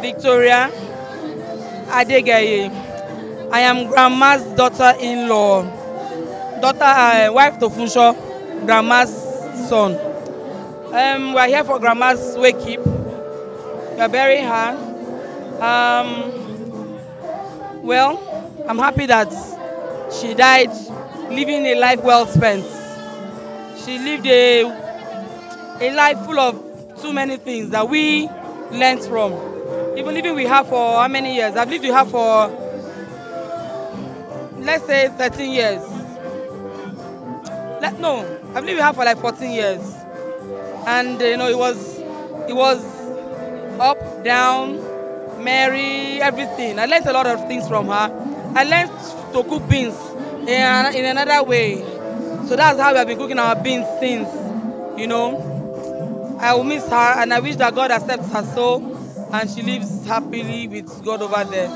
Victoria Adegeye. I am grandma's daughter-in-law, daughter, uh, wife to Funsho, grandma's son. Um, we are here for grandma's wake up We are burying her. Um, well, I'm happy that she died living a life well spent. She lived a, a life full of too many things that we learned from. Even living we have for how many years? I've lived with her for, let's say, 13 years. Let, no, I've lived with her for like 14 years. And, you know, it was, it was up, down, marry, everything. I learned a lot of things from her. I learned to cook beans in, in another way. So that's how we have been cooking our beans since, you know. I will miss her and I wish that God accepts her soul and she lives happily with God over there.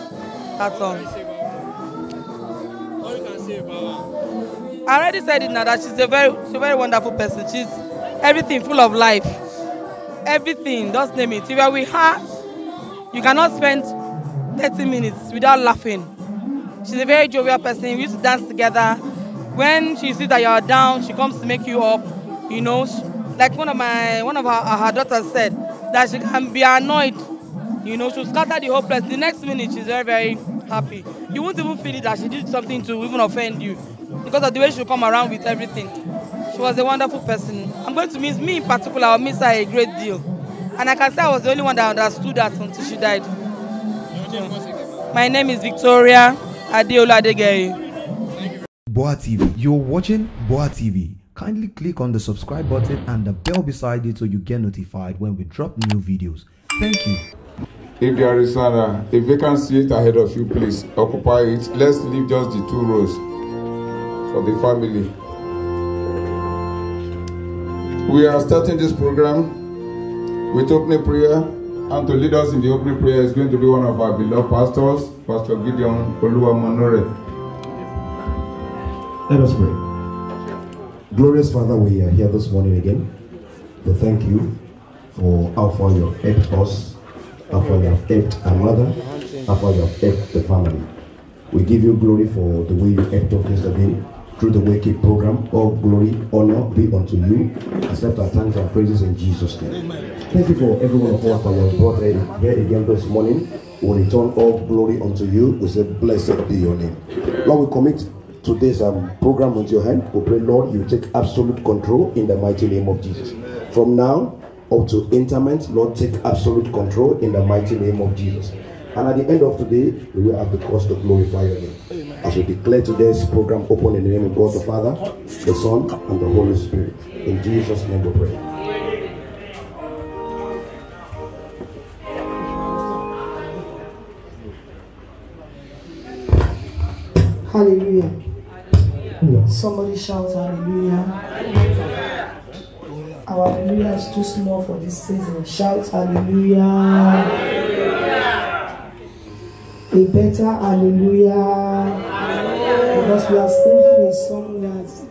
That's all. All you can say about her. I already said it now that she's a very she's a very wonderful person. She's everything full of life. Everything, just name it. If you're with her, you cannot spend 30 minutes without laughing. She's a very jovial person. We used to dance together. When she sees that you are down, she comes to make you up. You know, like one of my one of her, her daughters said that she can be annoyed you know, she'll scatter the whole place. The next minute, she's very, very happy. You won't even feel it that she did something to even offend you because of the way she'll come around with everything. She was a wonderful person. I'm going to miss me in particular, I'll miss her a great deal. And I can say I was the only one that understood that until she died. my name is Victoria Adeola Adegeri. Boa TV. You're watching Boa TV kindly click on the subscribe button and the bell beside it so you get notified when we drop new videos. Thank you. If there is an, uh, a vacant seat ahead of you, please occupy it. Let's leave just the two rows for the family. We are starting this program with opening prayer, and to lead us in the opening prayer is going to be one of our beloved pastors, Pastor Gideon Manore. Let us pray. Glorious Father, we are here this morning again to thank you for how far you have helped us after you have helped a mother, after you have helped the family. We give you glory for the way you helped us today through the Wake Up program. All glory, honor be unto you. Accept our thanks and praises in Jesus' name. Thank you for everyone of us that brought here again this morning. We return all glory unto you. We say, Blessed be your name. Lord, we commit today's um, program into your hand. We pray, Lord, you take absolute control in the mighty name of Jesus. From now, up to interment. Lord, take absolute control in the mighty name of Jesus. And at the end of today, we will have the cause to glorify your name. As we declare today's program open in the name of God the Father, the Son, and the Holy Spirit. In Jesus' name we pray. Hallelujah. Somebody shout hallelujah hallelujah is too small for this season. Shout hallelujah. hallelujah. A better hallelujah. hallelujah. Because we are singing a song that's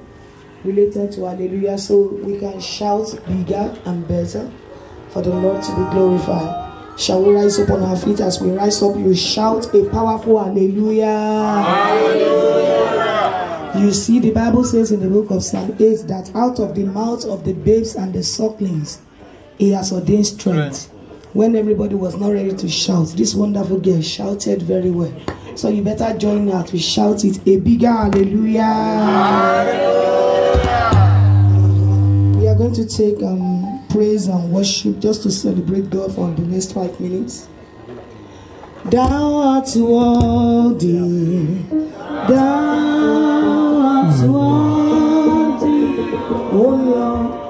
related to hallelujah, so we can shout bigger and better for the Lord to be glorified. Shall we rise up on our feet as we rise up? You shout a powerful hallelujah. hallelujah you see, the Bible says in the book of Psalm 8 that out of the mouths of the babes and the sucklings, he has ordained strength. Right. When everybody was not ready to shout, this wonderful girl shouted very well. So you better join us to shout it a bigger hallelujah. hallelujah. We are going to take um, praise and worship just to celebrate God for the next five minutes. Thou art worthy. Thou Swanti, oh Lord.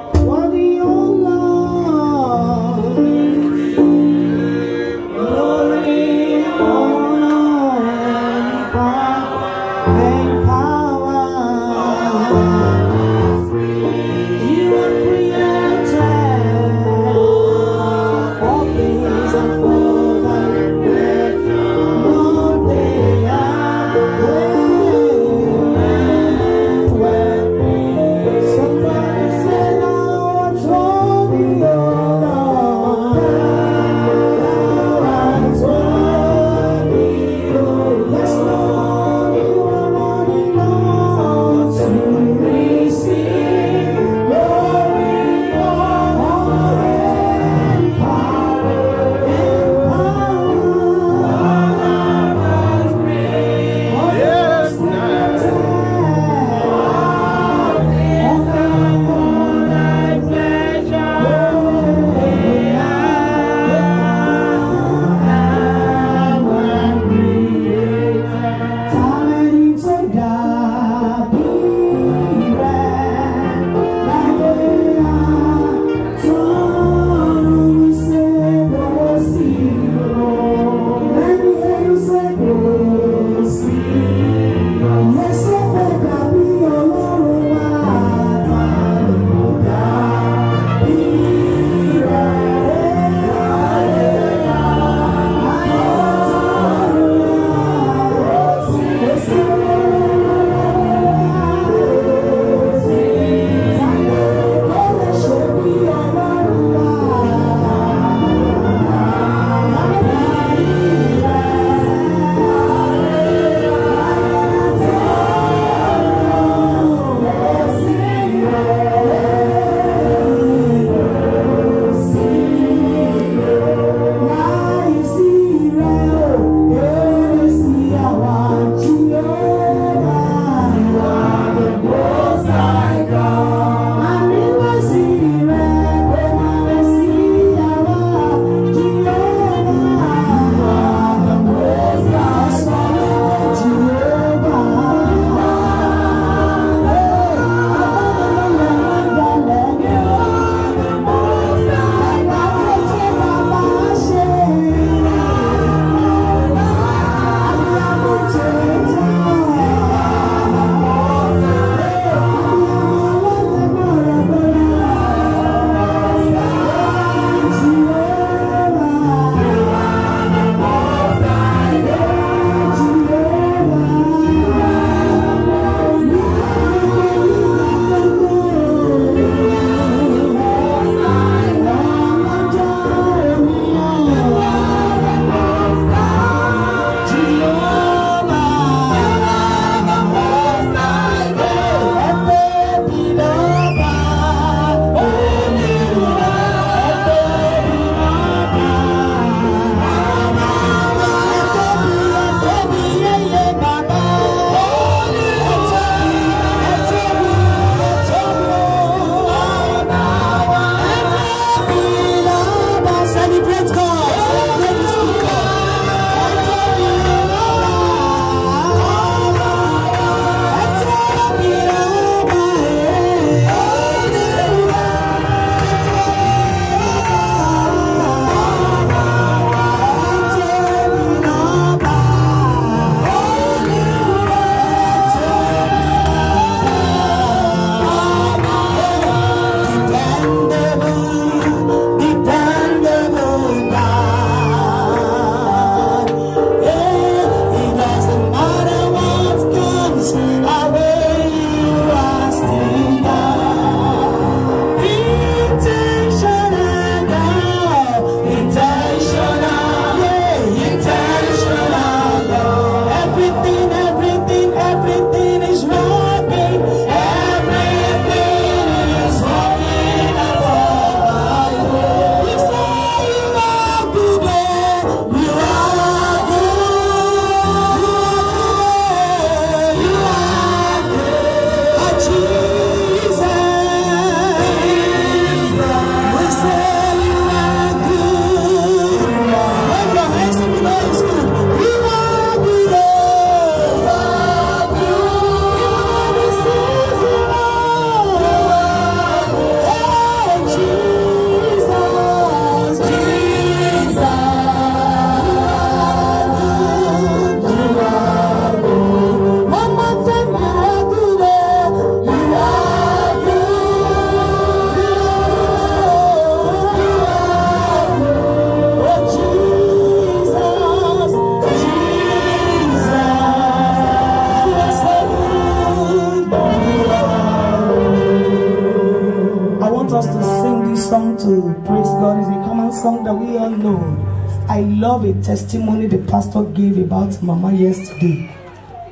testimony the pastor gave about Mama yesterday.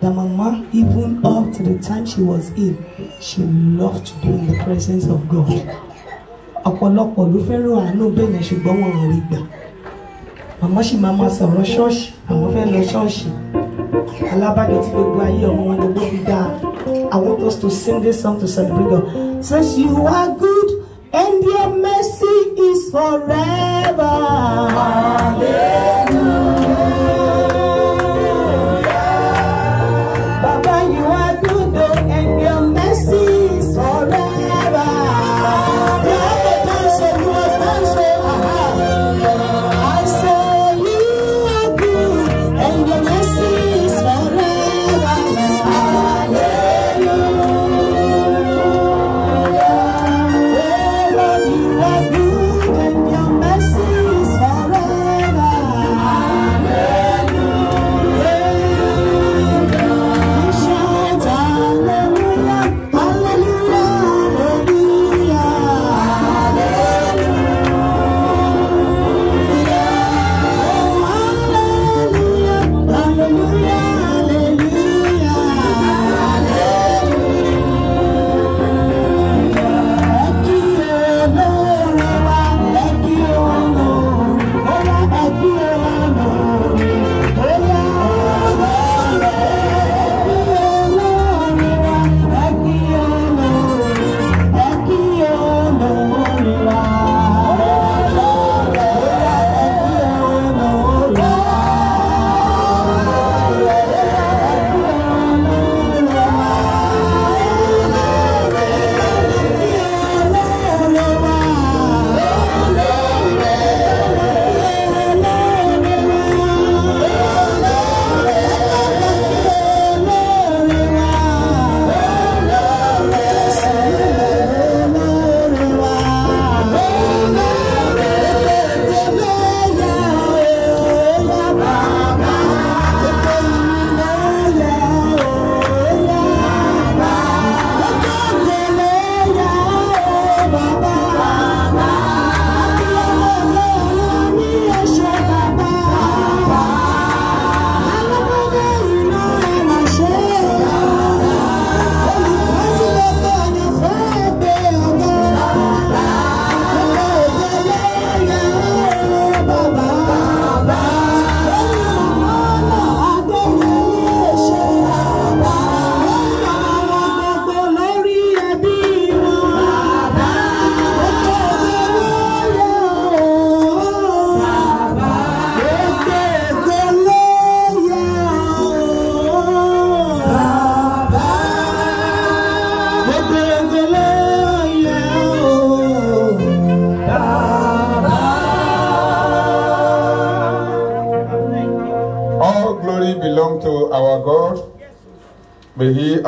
That Mama, even up to the time she was in, she loved to be in the presence of God. Ọ̀pọ̀lọpọ̀ ló fẹ́ràn àánú bẹ́ẹ̀ yẹn ṣùgbọ́n wọn ò Màmá sì máa máa sọ̀rọ̀ ṣọ́ọ̀ṣì, àwọn fẹ́ lọ ṣọ́ọ̀ṣì. tí gbogbo ayé ọmọ wọn ló gbóbi I want us to sing this song to celebrate God. Since you are good and your mercy is forever.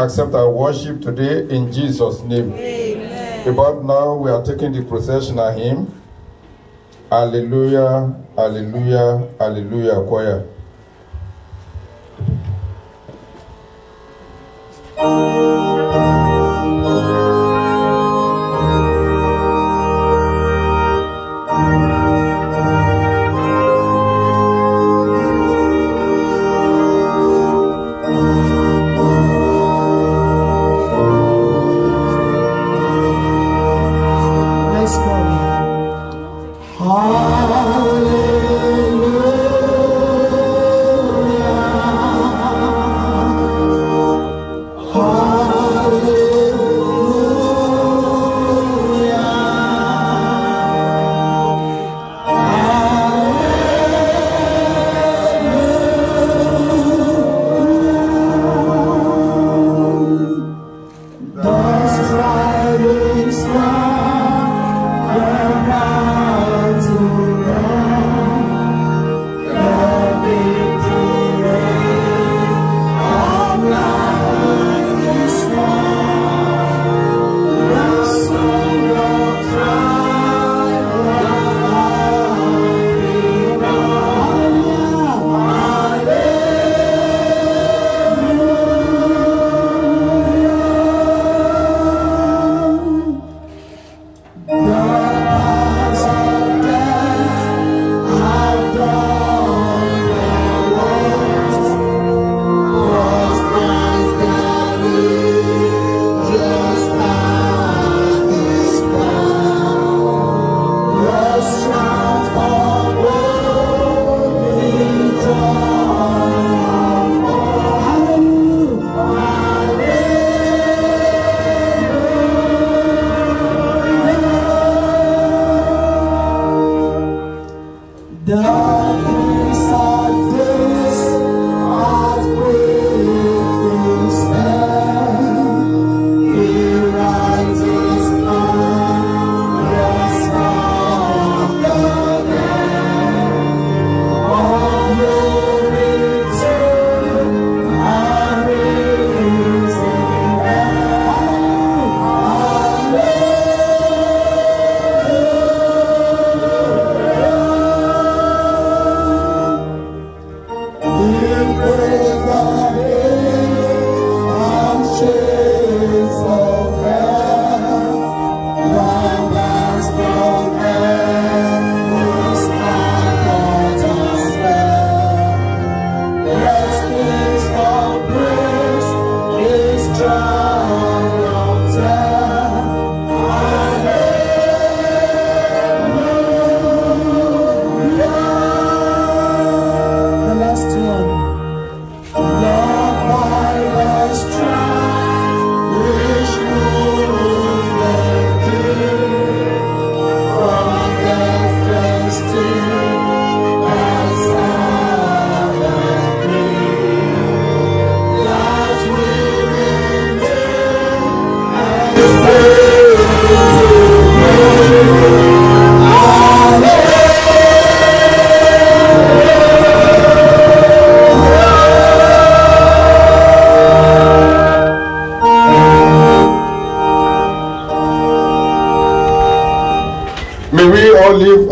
accept our worship today in Jesus' name. Amen. About now, we are taking the procession of Him. Hallelujah, hallelujah, hallelujah, choir.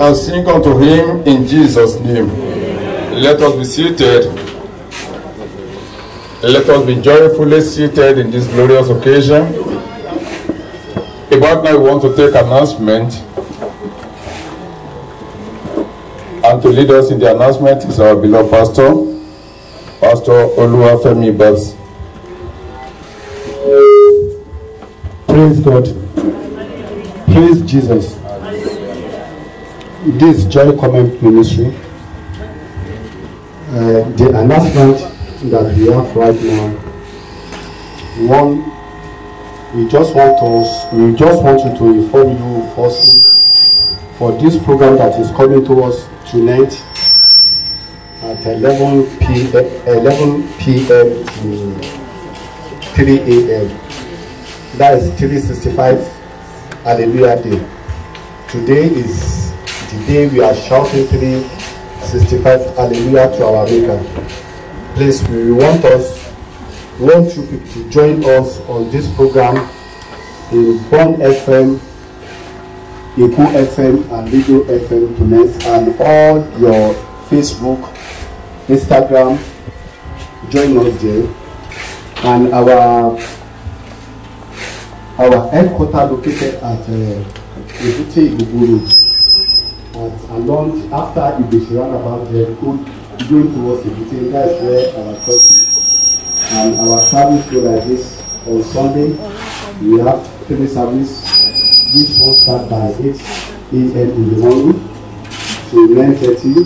and sing unto him in Jesus' name. Let us be seated. Let us be joyfully seated in this glorious occasion. About now, we want to take announcement. And to lead us in the announcement is our beloved pastor, Pastor Oluwafemi Babs. Praise God. Praise Jesus. this Joy Comment Ministry, uh, the announcement that we have right now, one, we just want us, we just want you to inform you firstly for this program that is coming to us tonight at 11 p.m. 11 p.m. to 3 a.m. That is 365 Hallelujah Day. Today is Today we are shouting 365 Hallelujah to our Maker. Please, we want us, we want you to join us on this program in Bon FM, Eku FM, and Radio FM tonight, and all your Facebook, Instagram, join us there. And our our headquarters located at uh, Ebute Igbo Road. After launched after Ibishi roundabout Jericho, going towards Ibutin. That is where our church is. And our service go like this on Sunday. We have three service, which one start by 8 a.m. in the morning to 9.30,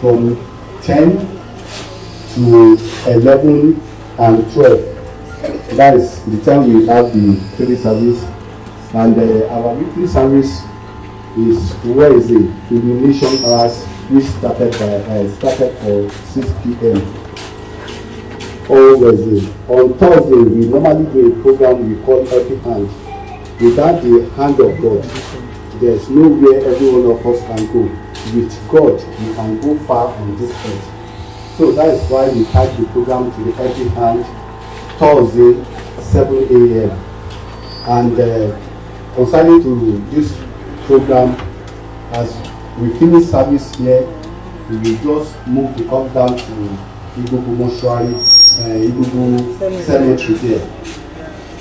from 10 to 11 and 12. That is the time we have the three service. And uh, our weekly service is where is it? Illumination hours which started by uh, started at 6 p.m. Always On Thursday, we normally do a program we call Every Hand. Without the hand of God, there's nowhere every one of us can go. With God, we can go far on this earth. So that is why we add the program to the Every Hand Thursday, 7 a.m. And uh, concerning to this program as we finish service here we will just move to come down to Igbogu mortuary uh, Igbogu cemetery there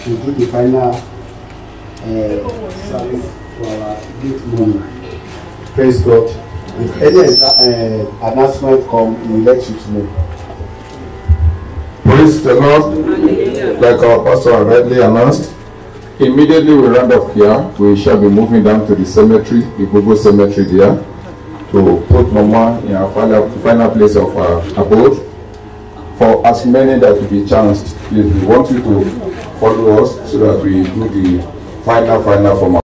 to do the final uh, service for our late morning praise God if any uh, announcement come we will let you know. Praise the Lord, like our pastor rightly announced. Immediately we round off here, we shall be moving down to the cemetery, the Google Cemetery there, to put Mama in our final, final place of abode. For as many that will be chanced, please, we want you to follow us so that we do the final, final for Mama.